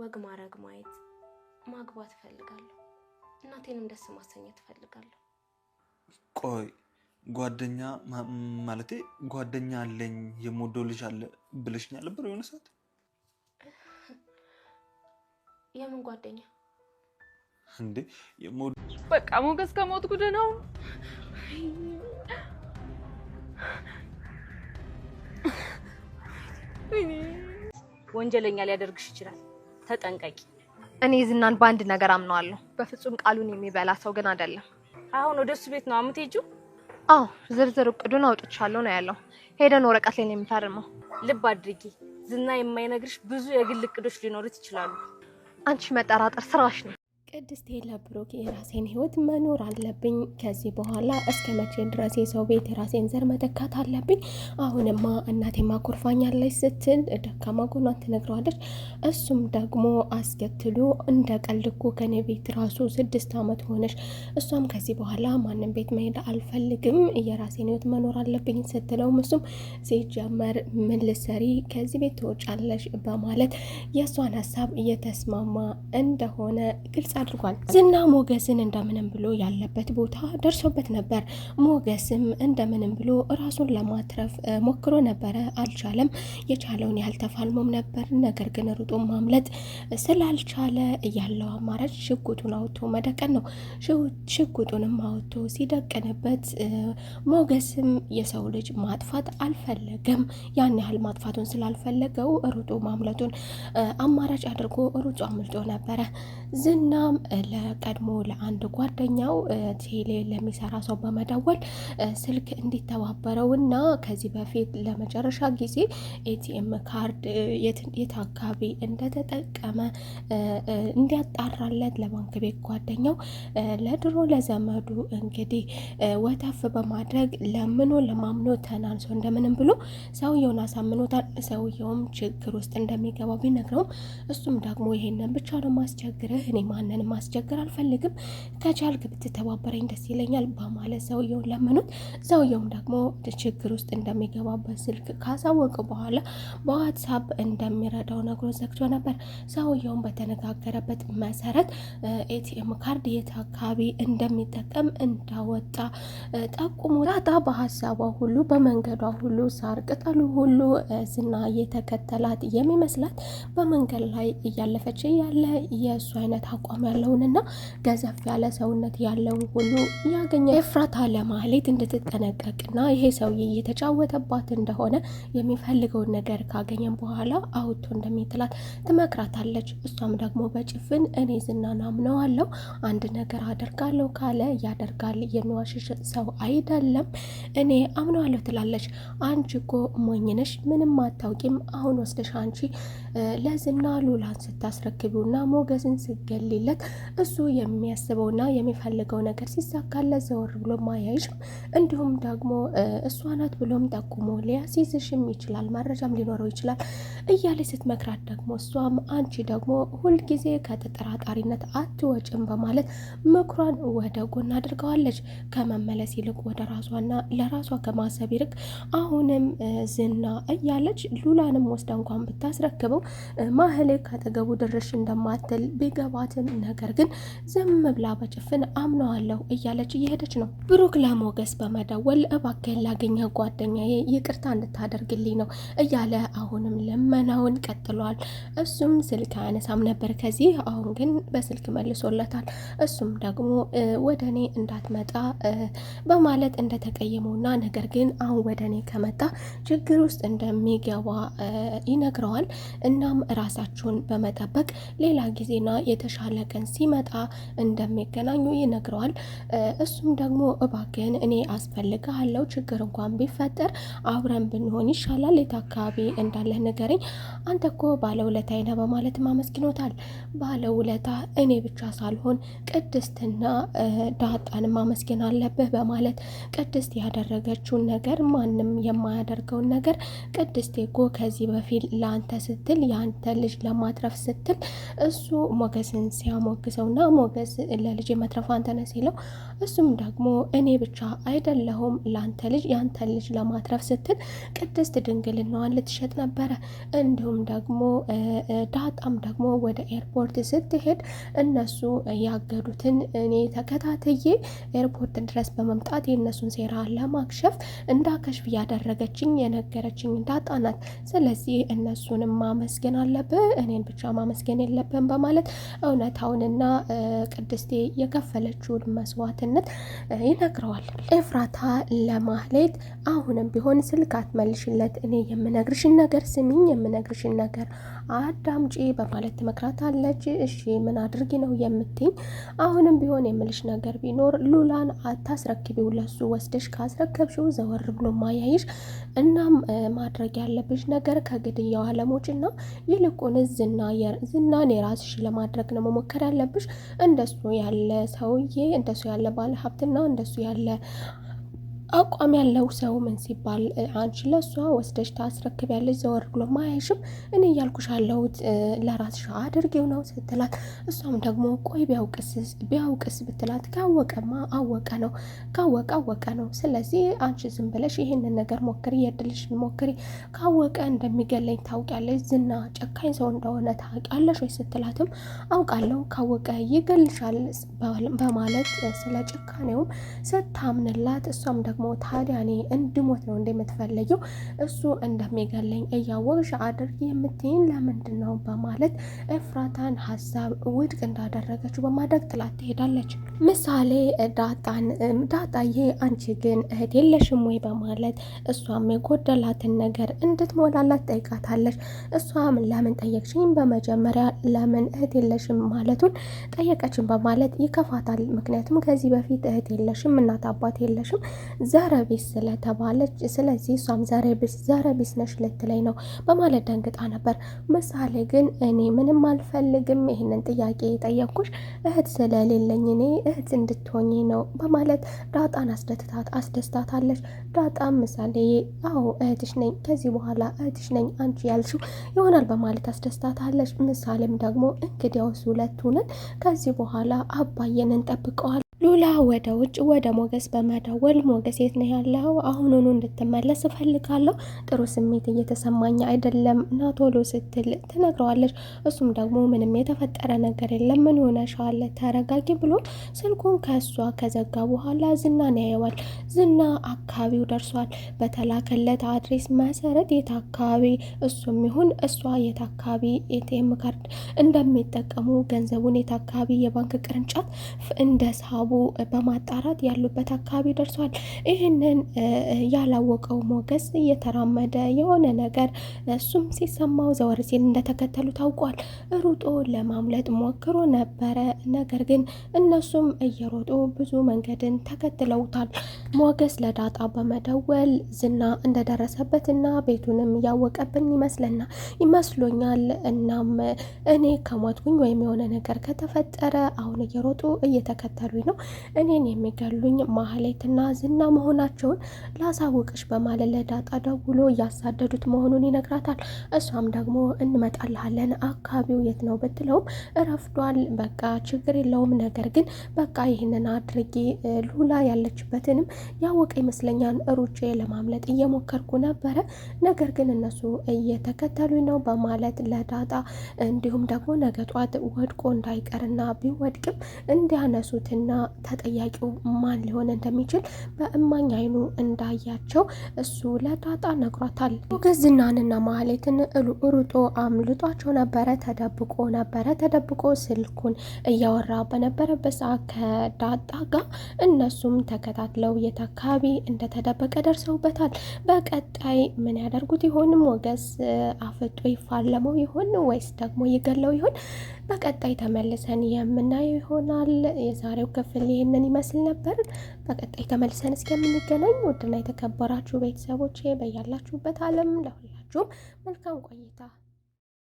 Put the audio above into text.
ወግ ማድረግ ማየት ማግባት እፈልጋለሁ። እናቴንም ደስ ማሰኘት እፈልጋለሁ። ቆይ ጓደኛ ማለቴ ጓደኛ አለኝ የሞዶ ልጅ አለ ብለሽኛ ነበር የሆነ ሰዓት። የምን ጓደኛ እንዴ? በቃ ሞገስ ከሞት ጉድ ነው። ወንጀለኛ ሊያደርግሽ ይችላል። ተጠንቀቂ። እኔ ዝናን በአንድ ነገር አምነዋለሁ። በፍጹም ቃሉን የሚበላ ሰው ግን አይደለም። አሁን ወደ እሱ ቤት ነው የምትሄጂው? አዎ፣ ዝርዝር እቅዱን አውጥቻለሁ ነው ያለው። ሄደን ወረቀት ላይ ነው የምፈርመው። ልብ አድርጊ፣ ዝና የማይነግርሽ ብዙ የግል እቅዶች ሊኖሩት ይችላሉ። አንቺ መጠራጠር ስራሽ ነው። ቅድስት የላ ብሩክ የራሴን ህይወት መኖር አለብኝ። ከዚህ በኋላ እስከ መቼ ድረስ የሰው ቤት የራሴን ዘር መተካት አለብኝ? አሁንማ እናቴ ኮርፋኛለች ስትል ደካማ ጎኗን ትነግረዋለች። እሱም ደግሞ አስከትሎ እንደ ቀልድ እኮ ከኔ ቤት ራሱ ስድስት ዓመት ሆነች፣ እሷም ከዚህ በኋላ ማንም ቤት መሄድ አልፈልግም የራሴን ህይወት መኖር አለብኝ ስትለውም እሱም ሲጀመር ምን ልትሰሪ ከዚህ ቤት ትወጫለሽ በማለት የእሷን ሀሳብ እየተስማማ እንደሆነ ግልጽ አድርጓል። ዝና ሞገስን እንደምንም ብሎ ያለበት ቦታ ደርሶበት ነበር። ሞገስም እንደምንም ብሎ ራሱን ለማትረፍ ሞክሮ ነበረ፣ አልቻለም። የቻለውን ያህል ተፋልሞም ነበር። ነገር ግን ሩጦ ማምለጥ ስላልቻለ ያለው አማራጭ ሽጉጡን አውጥቶ መደቀን ነው። ሽጉጡንም አውጥቶ ሲደቅንበት ሞገስም የሰው ልጅ ማጥፋት አልፈለገም። ያን ያህል ማጥፋቱን ስላልፈለገው ሩጦ ማምለጡን አማራጭ አድርጎ ሩጦ አምልጦ ነበረ። ዝናም ከዛም ለቀድሞ ለአንድ ጓደኛው ቴሌ ለሚሰራ ሰው በመደወል ስልክ እንዲተባበረውና ከዚህ በፊት ለመጨረሻ ጊዜ ኤቲኤም ካርድ የት አካባቢ እንደተጠቀመ እንዲያጣራለት ለባንክ ቤት ጓደኛው ለድሮ ለዘመዱ እንግዲህ ወተፍ በማድረግ ለምኖ ለማምኖ ተናንሶ እንደምንም ብሎ ሰውየውን አሳምኖታል። ሰውየውም ችግር ውስጥ እንደሚገባ ቢነግረውም እሱም ደግሞ ይሄንን ብቻ ነው ማስቸግርህ እኔ ማንንም ማስቸገር አልፈልግም፣ ከቻልክ ብትተባበረኝ ደስ ይለኛል በማለት ሰውየውን ለመኑት። ሰውየውም ደግሞ ችግር ውስጥ እንደሚገባበት ስልክ ካሳወቀ በኋላ በዋትሳፕ እንደሚረዳው ነግሮ ዘግቶ ነበር። ሰውየውን በተነጋገረበት መሰረት ኤቲኤም ካርድ የት አካባቢ እንደሚጠቀም እንዳወጣ ጠቁሙ። ዳጣ በሀሳቧ ሁሉ በመንገዷ ሁሉ ሳር ቅጠሉ ሁሉ ዝና የተከተላት የሚመስላት በመንገድ ላይ እያለፈች ያለ የእሱ አይነት አቋም ያለውንና ገዘፍ ያለ ሰውነት ያለውን ሁሉ ያገኘ ኤፍራታ ለማህሌት እንድትጠነቀቅና ይሄ ሰውዬ እየተጫወተባት እንደሆነ የሚፈልገውን ነገር ካገኘም በኋላ አውቶ እንደሚጥላት ትመክራታለች። እሷም ደግሞ በጭፍን እኔ ዝናን አምነዋለሁ፣ አንድ ነገር አደርጋለሁ ካለ ያደርጋል፣ የሚዋሽሽ ሰው አይደለም፣ እኔ አምነዋለሁ ትላለች። አንቺ እኮ ሞኝነሽ ምንም አታውቂም፣ አሁን ወስደሽ አንቺ ለዝና ሉላን ስታስረክቢውና ሞገስን ስገሊለት እሱ የሚያስበውና የሚፈልገው ነገር ሲሳካለ ዘወር ብሎ ማያይሽም፣ እንዲሁም ደግሞ እሷ ናት ብሎም ጠቁሞ ሊያስይዝሽም ይችላል፣ መረጃም ሊኖረው ይችላል እያለች ስትመክራት ደግሞ እሷም አንቺ ደግሞ ሁልጊዜ ከተጠራጣሪነት አትወጭም በማለት ምክሯን ወደ ጎን አድርገዋለች። ከመመለስ ይልቅ ወደ ራሷና ለራሷ ከማሰብ ይልቅ አሁንም ዝና እያለች ሉላንም ወስዳ እንኳን ብታስረክበው ማህሌ ካጠገቡ ድርሽ እንደማትል ቢገባትም ነገር ግን ዝም ብላ በጭፍን አምነዋለሁ እያለች እየሄደች ነው። ብሩክ ለሞገስ በመደወል እባክህን ላገኘ ጓደኛዬ ይቅርታ እንድታደርግልኝ ነው እያለ አሁንም ልመናውን ቀጥሏል። እሱም ስልክ አያነሳም ነበር ከዚህ አሁን ግን በስልክ መልሶለታል። እሱም ደግሞ ወደ እኔ እንዳትመጣ በማለት እንደተቀየመውና ነገር ግን አሁን ወደ እኔ ከመጣ ችግር ውስጥ እንደሚገባ ይነግረዋል። እናም ራሳችሁን በመጠበቅ ሌላ ጊዜና የተሻለ ቀን ሲመጣ እንደሚገናኙ ይነግረዋል። እሱም ደግሞ እባክህን እኔ አስፈልግሃለሁ፣ ችግር እንኳን ቢፈጠር አብረን ብንሆን ይሻላል፣ የት አካባቢ እንዳለህ ንገረኝ፣ አንተ እኮ ባለውለታዬ ነህ በማለት ማመስግኖታል። ባለውለታ እኔ ብቻ ሳልሆን ቅድስትና ዳጣን ማመስገን አለብህ በማለት ቅድስት ያደረገችውን ነገር ማንም የማያደርገውን ነገር ቅድስቴ እኮ ከዚህ በፊት ለአንተ ስትል ስትል የአንተ ልጅ ለማትረፍ ስትል እሱ ሞገስን ሲያሞግሰው እና ሞገስ ለልጅ መትረፍ አንተነ ሲለው እሱም ደግሞ እኔ ብቻ አይደለሁም ለአንተ ልጅ የአንተ ልጅ ለማትረፍ ስትል ቅድስት ድንግልናዋን ልትሸጥ ነበረ። እንዲሁም ደግሞ ዳጣም ደግሞ ወደ ኤርፖርት ስትሄድ እነሱ ያገዱትን እኔ ተከታትዬ ኤርፖርት ድረስ በመምጣት የእነሱን ሴራ ለማክሸፍ እንዳከሽፍ ያደረገችኝ የነገረችኝ ዳጣ ናት። ስለዚህ እነሱንም ማመ ማመስገን አለብህ፣ እኔን ብቻ ማመስገን የለብህም በማለት እውነታውንና ቅድስቴ የከፈለችውን መስዋዕትነት ይነግረዋል። ኤፍራታ ለማህሌት አሁንም ቢሆን ስልክ አትመልሽለት፣ እኔ የምነግርሽን ነገር ስሚኝ፣ የምነግርሽን ነገር አዳምጪ በማለት ትመክራታለች። እሺ ምን አድርጊ ነው የምትኝ? አሁንም ቢሆን የምልሽ ነገር ቢኖር ሉላን አታስረክቢው፣ ለሱ ወስደሽ ካስረከብሽው ዘወር ብሎ ማያይሽ። እናም ማድረግ ያለብሽ ነገር ከግድያው አለሞች እና ይልቁን ዝና ዝናን የራስሽ ለማድረግ ነው መሞከር ያለብሽ። እንደሱ ያለ ሰውዬ እንደሱ ያለ ባለ ሀብትና እንደሱ ያለ አቋም ያለው ሰው ምን ሲባል አንቺ ለእሷ ወስደሽ ታስረክብ ያለች ዘወር ብሎ ማያሽም እኔ እያልኩሽ አለሁት ለራስሽ አድርጌው ነው ስትላት፣ እሷም ደግሞ ቆይ ቢያውቅስ ቢያውቅስ ብትላት፣ ካወቀማ አወቀ ነው ካወቀ አወቀ ነው። ስለዚህ አንቺ ዝም ብለሽ ይህንን ነገር ሞክሪ፣ የድልሽ ሞክሪ፣ ካወቀ እንደሚገለኝ ታውቂያለሽ፣ ዝና ጨካኝ ሰው እንደሆነ ታውቂያለሽ ወይ ስትላትም፣ አውቃለሁ ካወቀ ይገልሻል በማለት ስለ ጭካኔውም ስታምንላት እሷም ደግሞ ታዲያ እኔ እንድሞት ነው እንደምትፈለጊው እሱ እንደሚገለኝ እያወቅሽ አድርጊ የምትይኝ ለምንድን ነው በማለት እፍራታን ሀሳብ ውድቅ እንዳደረገችው በማድረግ ጥላት ትሄዳለች። ምሳሌ ዳጣን ዳጣዬ አንቺ ግን እህት የለሽም ወይ በማለት እሷም የጎደላትን ነገር እንድትሞላላት ጠይቃታለች። እሷም ለምን ጠየቅሽኝ በመጀመሪያ ለምን እህት የለሽም ማለቱን ጠየቀችን በማለት ይከፋታል። ምክንያቱም ከዚህ በፊት እህት የለሽም እናት አባት የለሽም ዛራ ቤስ ስለተባለች ስለዚህ እሷም ዛሬ ቢስ ዛራ ነሽ ልትለይ ነው በማለት ደንግጣ ነበር። ምሳሌ ግን እኔ ምንም አልፈልግም ይህንን ጥያቄ የጠየኩሽ እህት ስለሌለኝ እኔ እህት እንድትሆኝ ነው በማለት ዳጣን አስደትታት አስደስታታለች። ዳጣም ምሳሌ አዎ እህትሽ ነኝ፣ ከዚህ በኋላ እህትሽ ነኝ አንቺ ያልሽው ይሆናል በማለት አስደስታታለች። ምሳሌም ደግሞ እንግዲያውስ ሁለቱንን ከዚህ በኋላ አባዬን እንጠብቀዋል ሉላ ወደ ውጭ ወደ ሞገስ በመደወል ሞገስ የት ነው ያለው? አሁኑኑ እንድትመለስ እፈልጋለሁ። ጥሩ ስሜት እየተሰማኝ አይደለም እና ቶሎ ስትል ትነግረዋለች። እሱም ደግሞ ምንም የተፈጠረ ነገር የለም ምን ሆነሻል? ተረጋጊ ብሎ ስልኩን ከእሷ ከዘጋ በኋላ ዝናን ያየዋል። ዝና አካባቢው ደርሷል። በተላከለት አድሬስ መሰረት የት አካባቢ እሱም ይሁን እሷ የት አካባቢ ኤቲኤም ካርድ እንደሚጠቀሙ ገንዘቡን የት አካባቢ የባንክ ቅርንጫፍ እንደሳቡ በማጣራት ያሉበት አካባቢ ደርሷል። ይህንን ያላወቀው ሞገስ እየተራመደ የሆነ ነገር እሱም ሲሰማው ዘወር ሲል እንደተከተሉ ታውቋል። ሩጦ ለማምለጥ ሞክሮ ነበረ። ነገር ግን እነሱም እየሮጡ ብዙ መንገድን ተከትለውታል። ሞገስ ለዳጣ በመደወል ዝና እንደደረሰበት እንደደረሰበትና ቤቱንም እያወቀብን ይመስለና ይመስሎኛል። እናም እኔ ከሞትኩኝ ወይም የሆነ ነገር ከተፈጠረ አሁን እየሮጡ እየተከተሉኝ ነው፣ እኔን የሚገሉኝ ማህሌትና ዝና መሆናቸውን ላሳውቅሽ በማለት ለዳጣ ደውሎ እያሳደዱት መሆኑን ይነግራታል። እሷም ደግሞ እንመጣልሃለን፣ አካባቢው የት ነው ብትለውም እረፍዷል፣ በቃ ችግር የለውም ነገር ግን በቃ ይህንን አድርጌ ሉላ ያለችበትንም ያወቀ ይመስለኛል። ሩጬ ለማምለጥ እየሞከርኩ ነበረ፣ ነገር ግን እነሱ እየተከተሉኝ ነው በማለት ለዳጣ እንዲሁም ደግሞ ነገ ጧት ወድቆ እንዳይቀርና ቢወድቅም እንዲያነሱትና ተጠያቂው ማን ሊሆን እንደሚችል በእማኝ አይኑ እንዳያቸው እሱ ለዳጣ ነግሯታል። ሞገስ ዝናንና ማህሌትን ሩጦ አምልጧቸው ነበረ። ተደብቆ ነበረ። ተደብቆ ስልኩን እያወራ በነበረበት ሰዓት ከዳጣ ጋር እነሱም ተከታትለው የት አካባቢ እንደተደበቀ ደርሰውበታል። በቀጣይ ምን ያደርጉት ይሆን? ሞገስ አፍጦ ይፋለመው ይሆን ወይስ ደግሞ ይገለው ይሆን? በቀጣይ ተመልሰን የምናየው ይሆናል የዛሬው ክፍል ክፍል ይህንን ይመስል ነበር። በቀጣይ ተመልሰን እስከምንገናኝ ውድና የተከበራችሁ ቤተሰቦቼ በያላችሁበት ዓለም ለሁላችሁም መልካም ቆይታ